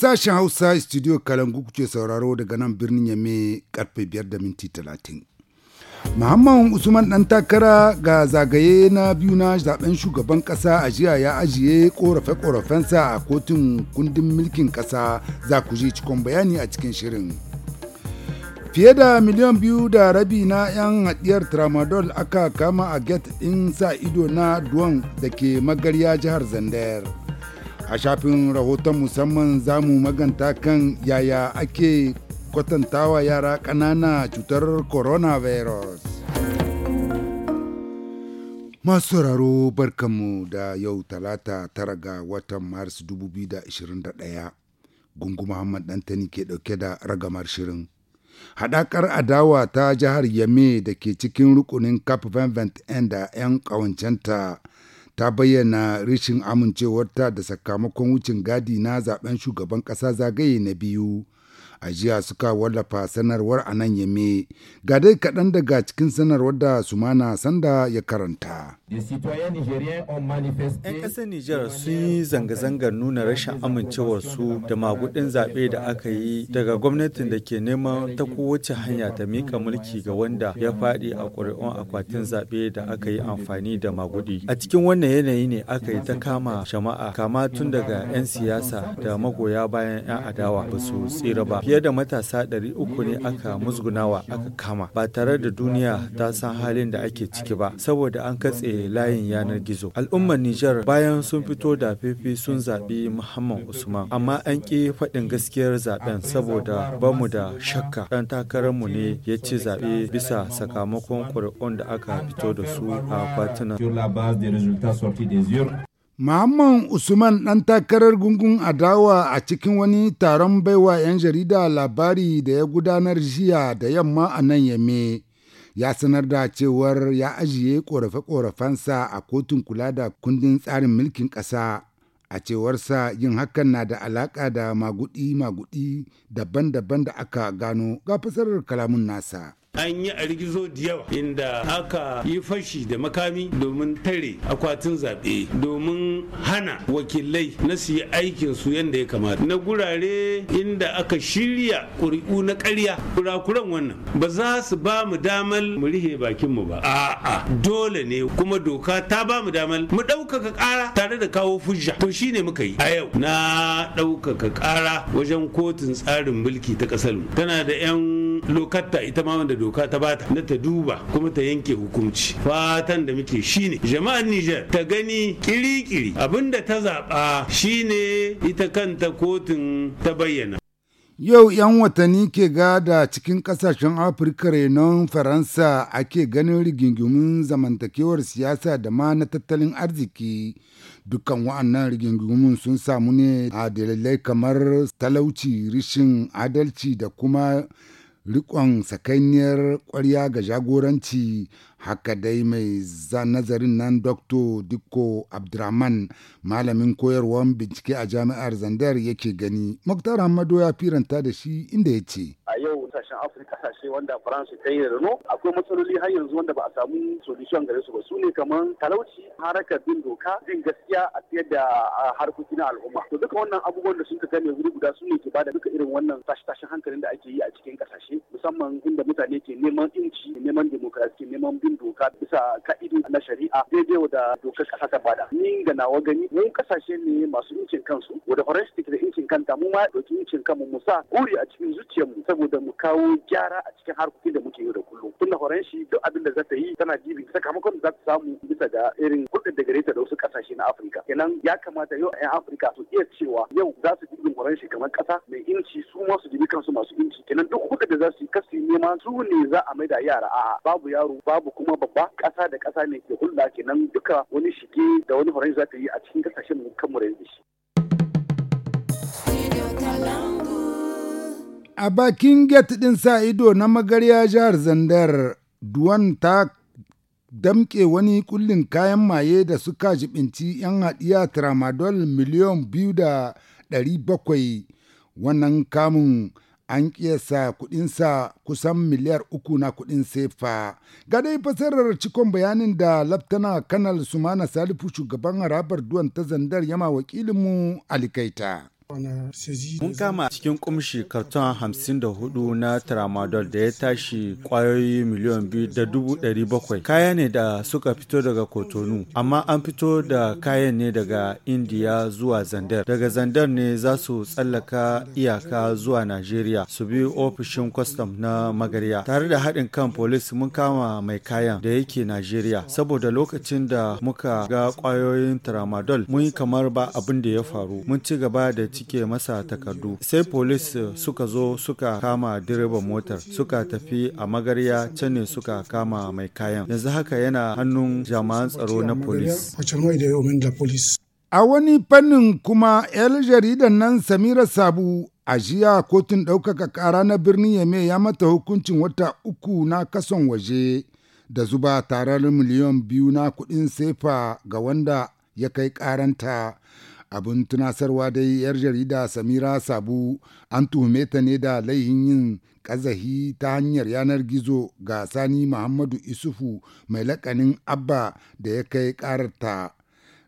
Sashen Hausa Studio Kalangu kuke sauraro daga nan birnin Yame karfe 5 da minti 30. Muhammad Usman ɗan takara ga zagaye na biyu na zaben shugaban ƙasa a jiya ya ajiye ƙorafe-ƙorafensa a kotun kundin mulkin ƙasa za ku ji cikon bayani a cikin shirin. Fiye da miliyan biyu da rabi na 'yan haɗiyar tramadol aka kama a get in sa ido na duwan da ke magarya jihar Zandayar. a shafin rahoton musamman za mu maganta kan yaya ake kwatantawa yara ƙanana cutar coronavirus masu sauraro barkanmu da yau talata tara ga watan maris 2021 gungu muhammad dantani ke dauke da ragamar shirin haɗakar adawa ta jihar yame da ke cikin rukunin cap 20 da 'yan ƙawancenta ta bayyana rashin amincewarta da sakamakon wucin gadi na zaben shugaban ƙasa zagaye na biyu a jiya suka wallafa sanarwar a nan yame ga dai kaɗan daga cikin sanarwar da sumana sanda ya karanta 'Yan ƙasar Nijar sun yi zanga-zangar nuna rashin amincewarsu da magudin zaɓe da aka yi daga gwamnatin da ke neman ta kowace hanya ta mika mulki ga wanda ya faɗi a ƙuri'un akwatin zaɓe da aka yi amfani da magudi. A cikin wannan yanayi ne aka yi ta kama jama'a kama tun daga 'yan siyasa da magoya bayan 'yan adawa ba su tsira ba. Fiye da matasa ɗari uku ne aka musgunawa aka kama ba tare da duniya ta san halin da ake ciki ba saboda an katse layin yanar gizo. Al'ummar Nijar bayan sun fito da fifi sun zaɓi Muhammad Usman, amma an ƙi faɗin gaskiyar zaɓen saboda ba mu da shakka. Ɗan takararmu ne ya ci zaɓe bisa sakamakon ƙuri'un da aka fito da su a fatina Muhammad Usman ɗan takarar gungun adawa a cikin wani taron baiwa 'yan jarida labari da ya gudanar jiya da yamma a nan yame. ya sanar da cewar ya ajiye ƙorafe-ƙorafensa a kotun kula da kundin tsarin mulkin ƙasa a cewarsa yin hakan na da alaƙa da magudi-magudi daban-daban da aka gano ga fasarar kalamun nasa. an yi a rigizo da yawa inda aka yi fashi da makami domin tare akwatin zaɓe domin hana wakilai na su yi aikin su yadda ya kamata na gurare inda aka shirya ƙuri'u na ƙarya kurakuran wannan ba za su ba mu damar mu rihe bakin mu ba a'a dole ne kuma doka ta ba mu damar mu ɗaukaka ƙara tare da kawo fujja to shine muka yi a yau na ɗaukaka ƙara wajen kotun tsarin mulki ta ƙasar mu tana da 'yan lokar ta ita ma wanda doka ta bata na ta duba kuma ta yanke hukunci fatan da muke shine jama'ar Niger ta gani kiri-kiri abinda ta zaɓa shine ita kanta kotun ta bayyana Yau 'yan watanni ke gada cikin kasashen Afirka renon Faransa ake ganin rigingimun zamantakewar siyasa da ma na tattalin arziki. Dukkan wa'annan rigingimun sun samu ne a dalilai kamar talauci, rishin adalci da kuma riƙon sakainiyar ƙwarya ga jagoranci haka dai mai nazarin nan dr dikko abdurrahman malamin koyarwar bincike a jami'ar zandar yake gani muktar hamado ya firanta da shi inda ya ce a yau kasashen afirka kasashe wanda faransa ta yi rano akwai matsaloli har yanzu wanda ba a samu solution gare su ba su ne kamar talauci haraka bin doka bin gaskiya a fiye da harkoki na al'umma to duka wannan abubuwan da sun ka ne guri guda su ne ke da duka irin wannan tashi-tashin hankalin da ake yi a cikin kasashe musamman inda mutane ke neman inci neman demokrasi neman bin doka bisa ka'idu na shari'a daidai da dokar kasa ta bada ni ga nawa gani mu kasashe ne masu incin kansu wanda forensic da incin kanta mu ma dauki incin kanmu mu sa guri a cikin zuciyarmu saboda mu kawo gyara a cikin harkokin da muke yau da kullum tunda forensic duk abin da za ta yi tana jibi sakamakon da za ta samu bisa ga irin kuɗin da gare ta da wasu kasashe na Afirka kenan ya kamata yau a Afirka su iya cewa yau za su jibin forensic kamar kasa mai inci su ma su jibi kansu masu inci kenan duk kuɗin da za su yi kasu neman su ne za a maida yara a babu yaro babu kuma babba ƙasa da ƙasa ne ke hulɗa kenan duka wani shige da wani farin za ta yi a cikin kasashen kanmu da shi. A bakin get ɗin sa ido na magarya jihar Zandar, Duwan ta damƙe wani kullin kayan maye da suka jibinci 'yan haɗiya tramadol miliyan biyu da ɗari bakwai wannan kamun an kiyasa kudinsa kusan miliyar uku na kudin sefa ga dai fasarar cikon bayanin da laftana kanal sumana salifu shugaban harabar duwan ta zandar yama wakilinmu alikaita Mun kama cikin kumshi karton hamsin da hudu na tramadol da ya tashi kwayoyi miliyan biyu da dubu ɗari bakwai. Kaya ne da suka fito daga Kotonu, amma an fito da kayan ne daga Indiya zuwa Zandar. Daga Zandar ne za su tsallaka iyaka zuwa Najeriya su bi ofishin kwastam na magarya. Tare da haɗin kan polis mun kama mai kayan da yake Najeriya. Saboda lokacin da muka ga kwayoyin tramadol mun yi kamar ba abin da ya faru. Mun ci gaba da cike masa takardu sai polis suka zo suka kama direban motar suka tafi a magarya can ne suka kama mai kayan yanzu haka yana hannun jama'an tsaro na polis a wani fannin kuma 'yar jaridan nan samira sabu a jiya kotun ɗaukaka kara na birnin yame ya mata hukuncin wata uku na kason waje da zuba tarar miliyan biyu na kuɗin sefa ga wanda ya kai karanta. abin tunasarwa dai yar jarida samira sabu an tuhume ta ne da laihin yin kazahi ta hanyar yanar gizo ga sani muhammadu isufu mai lakanin abba da ya kai kararta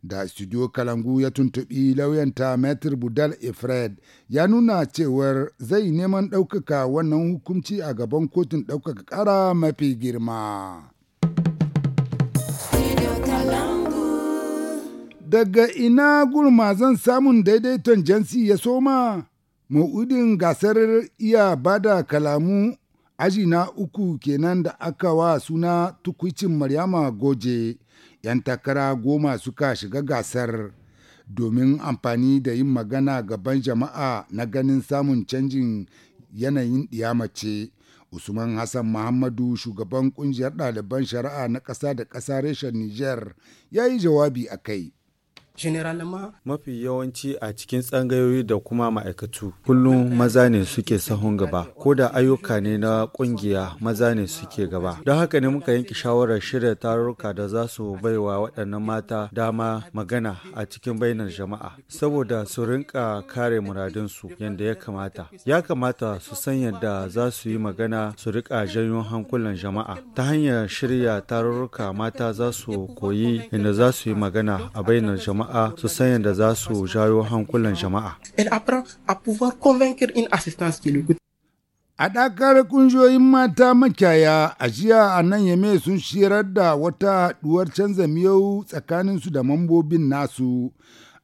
da studio kalangu ya tuntubi lauyanta metr budal efred ya nuna cewar zai neman ɗaukaka wannan hukunci a gaban kotun ɗaukaka ƙara mafi girma daga ina zan samun daidaiton jansi ya soma? Ma'udin gasar iya bada kalamu aji na uku kenan da aka wa suna tukwicin Maryama Goje, ‘yan takara goma suka shiga gasar domin amfani da yin magana gaban jama'a na ganin samun canjin yanayin ɗiyamace. Usman Hassan Muhammadu shugaban kungiyar ɗaliban shari'a na ƙasa da ƙasa reshen Nijar ya yi jawabi a kai. generalement mafi yawanci a cikin tsangayoyi da kuma ma'aikatu kullum maza ne suke sahun gaba ko da ayyuka ne na kungiya maza ne suke gaba don haka ne muka yanke shawarar shirya tarurruka da za su baiwa waɗannan mata dama magana a cikin bainar jama'a saboda su rinka kare muradinsu yadda ya kamata ya kamata su san yadda za su yi magana su rika janyo hankulan jama'a ta hanyar shirya tarurruka mata za su koyi inda za su yi magana a bainar jama'a jama'a su san yadda za su jawo hankulan jama'a. ɗakar ƙungiyoyin mata makiyaya a jiya a nan yame sun shirar da wata haɗuwar canza miyau tsakaninsu da mambobin nasu.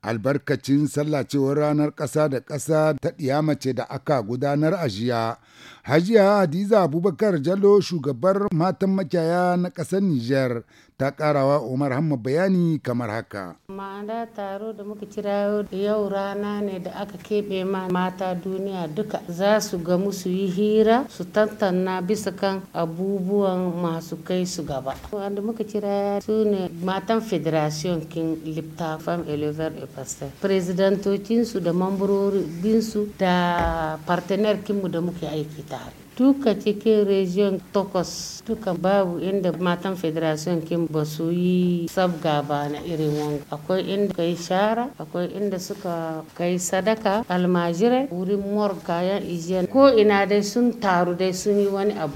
Albarkacin sallacewar ranar ƙasa da ƙasa ta ɗiya mace da aka gudanar a jiya. Hajiya Hadiza Abubakar Jalo shugabar matan makiyaya na ƙasar Nijar ta ƙarawa Umar Hamma bayani kamar haka. Ma'ana taro da muka kira yau rana ne da aka keɓe ma mata duniya duka za su gamu su yi hira su tantana bisa kan abubuwan masu kai su gaba. Wanda muka kira su ne matan Federation King Lipta Fam Elever e Pastor. Prezidantocinsu da mamburorinsu da partener kinmu da muke aiki ta. tare duka cikin region takwas duka babu inda matan federation kin ba su yi sabga ba na irin wanga akwai inda kai shara akwai inda suka kai sadaka almajirai wurin mor kayan ijiyar. ko ina dai sun taru dai sun yi wani abu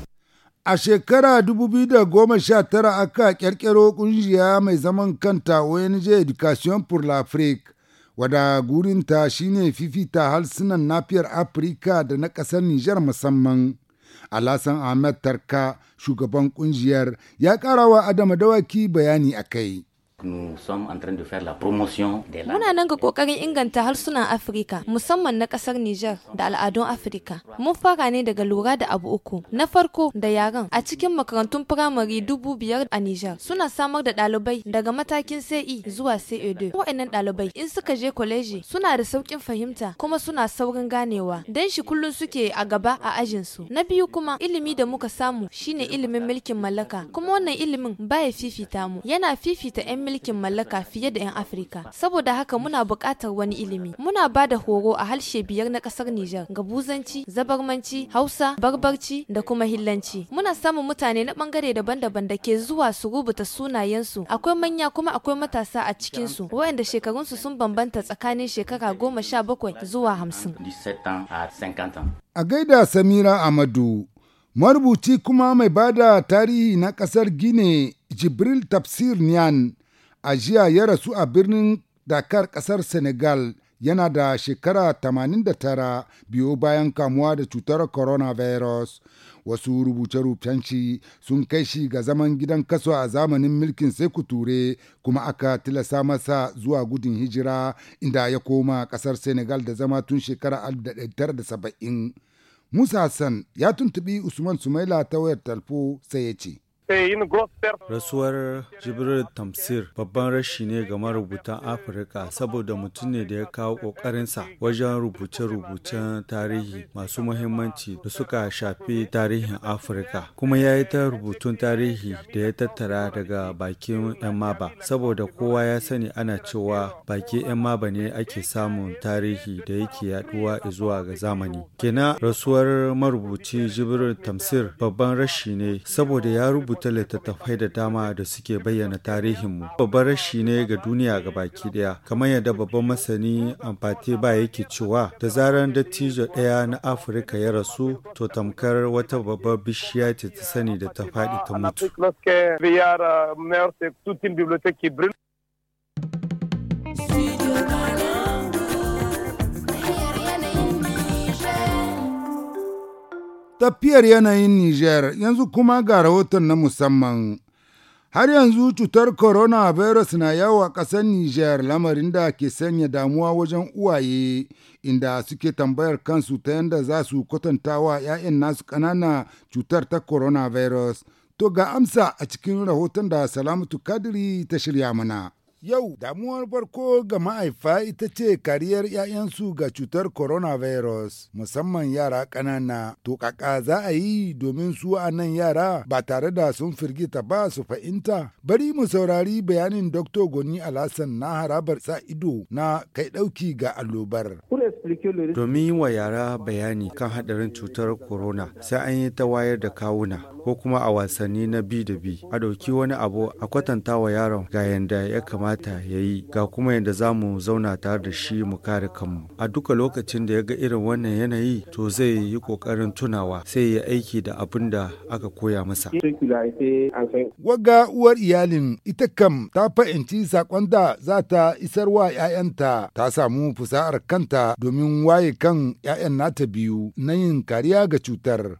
A shekara 2019 aka ƙirƙiro ƙungiya mai zaman kanta ONG Education pour l'Afrique Wada gurinta shine fifita harsunan nafiyar Afirka da na ƙasar Nijar musamman. Alasan Ahmed Tarka, shugaban ƙungiyar, ya ƙarawa Adama Dawaki bayani a kai. Nous sommes en Muna nan ga kokarin inganta harsunan Afirka, musamman na ƙasar nijar da al'adun Afirka. Mun fara ne daga lura da abu uku. Na farko da yaran a cikin makarantun firamare dubu biyar a nijar suna samar da ɗalibai daga matakin CE zuwa CE2. Wa'annan ɗalibai in suka je kwaleji suna da sauƙin fahimta kuma suna saurin ganewa. Dan shi kullum suke a gaba a ajinsu. Na biyu kuma ilimi da muka samu shine ilimin mulkin mallaka kuma wannan ilimin baya fifita mu yana fifita 'yan mulkin mallaka fiye da 'yan Afirka. Saboda haka muna buƙatar wani ilimi. Muna ba da horo a harshe biyar na ƙasar Nijar, Gabuzanci, Zabarmanci, Hausa, Barbarci da kuma Hillanci. Muna samun mutane na bangare daban-daban da ke zuwa su rubuta sunayensu. Akwai manya kuma akwai matasa a cikinsu, wayanda shekarunsu sun bambanta tsakanin shekara goma sha bakwai zuwa hamsin. A gaida Samira Amadu, marubuci kuma mai bada tarihi na kasar Gine Jibril Tafsir Niyan a jiya ya rasu a birnin Dakar ƙasar Senegal yana da shekara 89 biyo bayan kamuwa da cutar coronavirus. Wasu rubuce-rubucen sun kai shi ga zaman gidan kaso a zamanin mulkin sai kuma aka tilasa masa zuwa gudun hijira inda ya koma ƙasar Senegal da zama tun shekara 1970. Musa Hassan ya tuntubi Usman Sumaila ta wayar talfo sai ya ce. Rasuwar Jibril Tamsir babban rashi ne ga marubutan Afirka saboda mutum ne da ya kawo ƙoƙarinsa wajen rubuce-rubucen tarihi masu muhimmanci da suka shafi tarihin Afirka. Kuma ya yi ta rubutun tarihi da ya tattara daga bakin 'yan maba saboda kowa ya sani ana cewa baki 'yan maba ne ake samun tarihi da yake yaduwa zuwa ga zamani. Kenan rasuwar marubuci Jibril Tamsir babban rashi ne saboda ya rubuta ta littattafai da dama da suke bayyana tarihinmu. Babban rashi ne ga duniya ga baki daya, kamar yadda babban masani amfati ba yake cewa da zarar dattijo daya na Afirka ya rasu to tamkar wata babbar bishiya ce ta sani da ta faɗi ta mutu. tafiyar yanayin Nijar yanzu kuma ga rahoton na musamman. Har yanzu cutar coronavirus na yawa ƙasar Nijar lamarin da ke sanya damuwa wajen uwaye inda suke tambayar kansu ta yadda za su kwatantawa 'ya'yan nasu ƙanana cutar ta coronavirus. To ga amsa a cikin rahoton da Salamatu Kadiri ta shirya mana. Yau damuwar farko ga ma'aifa ita ce kariyar 'ya'yansu ga cutar coronavirus musamman yara ƙanana. To kaka za a yi domin su a nan yara ba tare da sun firgita ba su fahimta. Bari mu saurari bayanin Dr. Goni Alhassan na harabar sa ido na kai ɗauki ga allobar. Domin wa yara bayani kan haɗarin cutar corona sai an yi ta wayar da kawuna ko kuma a wasanni na bi da bi a ɗauki wani abu a kwatanta wa yaron ga yanda ya kamata kamata ya yi ga kuma yadda za mu zauna tare da shi mu kare kanmu a duka lokacin da ya ga irin wannan yanayi to zai yi kokarin tunawa sai ya aiki da abin da aka koya masa wagga uwar iyalin ita kam ta fahimci sakon da za ta isar wa 'ya'yanta ta samu fusa'ar kanta domin waye kan 'ya'yan nata biyu na yin kariya ga cutar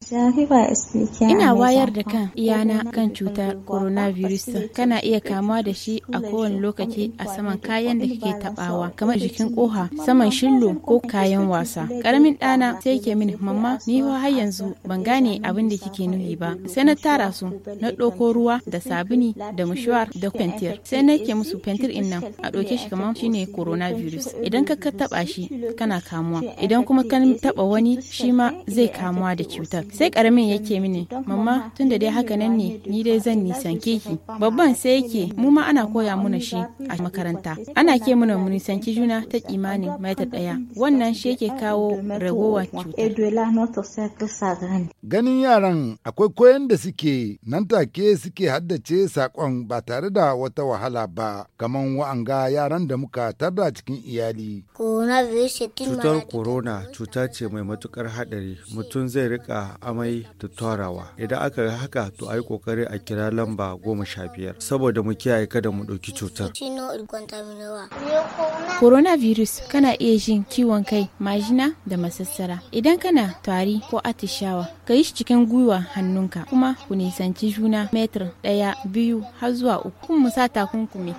ina wayar da kan iyana kan cutar coronavirus kana iya kamuwa da shi a kowane lokaci tarkace a saman kayan da kike tabawa kamar jikin koha saman shillo ko kayan wasa karamin ɗana sai ke mini mamma ni har yanzu ban gane abin da kike nuni ba sai na tara su na ɗauko ruwa da sabuni da mushwar da fentir sai na ke musu fentir in nan a ɗauke shi kamar shine coronavirus idan ka taba shi kana kamuwa idan kuma ka taba wani shi ma zai kamuwa da cutar sai karamin yake mini mamma tunda dai haka nan ne ni dai zan nisan ki babban sai yake mu ma ana koya muna shi a makaranta ana ke muna munisanci juna ta kimanin ta daya wannan shi yake kawo ragowar cutar ganin yaran akwai koyon da suke nan take suke haddace sakon ba tare da wata wahala ba kamar wa'anga yaran da muka tarda cikin iyali cutar corona cuta ce mai matukar hadari mutum zai rika amai da torawa idan aka yi haka to a yi kokari a kira lamba goma sha biyar saboda mu kiyaye kada mu ɗauki cutar Coronavirus kana iya jin kiwon kai, majina da masassara. Idan kana tari ko atishawa, ka yi cikin gwiwa hannunka kuma ku nisanci juna metr daya biyu har zuwa uku. Kun musa takunkumi.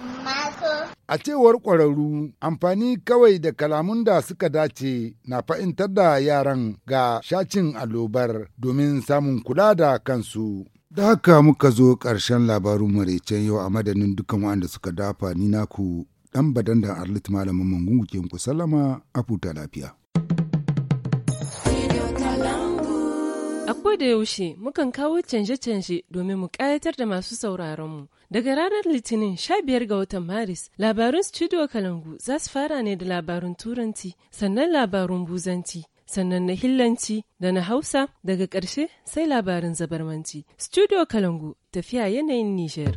A cewar ƙwararru, amfani kawai da kalamun da suka dace na fa'intar da yaran ga shacin allobar domin samun kula da kansu. Da haka muka zo ƙarshen labarun maraicen yau a madadin dukkan waɗanda suka dafa ni naku ɗan badan da Arlit Malamin mungu ke ku salama a futa lafiya. A da yaushe mukan kawo canje-canje domin mu ƙayatar da masu sauraronmu. Daga ranar Litinin 15 ga watan Maris, labarun Studio Kalangu za su fara ne da labarun Turanci, sannan labarun Buzanci, sannan na hillanci da na hausa daga ƙarshe sai labarin zabarmanci. Studio Kalangu tafiya yanayin Nijar.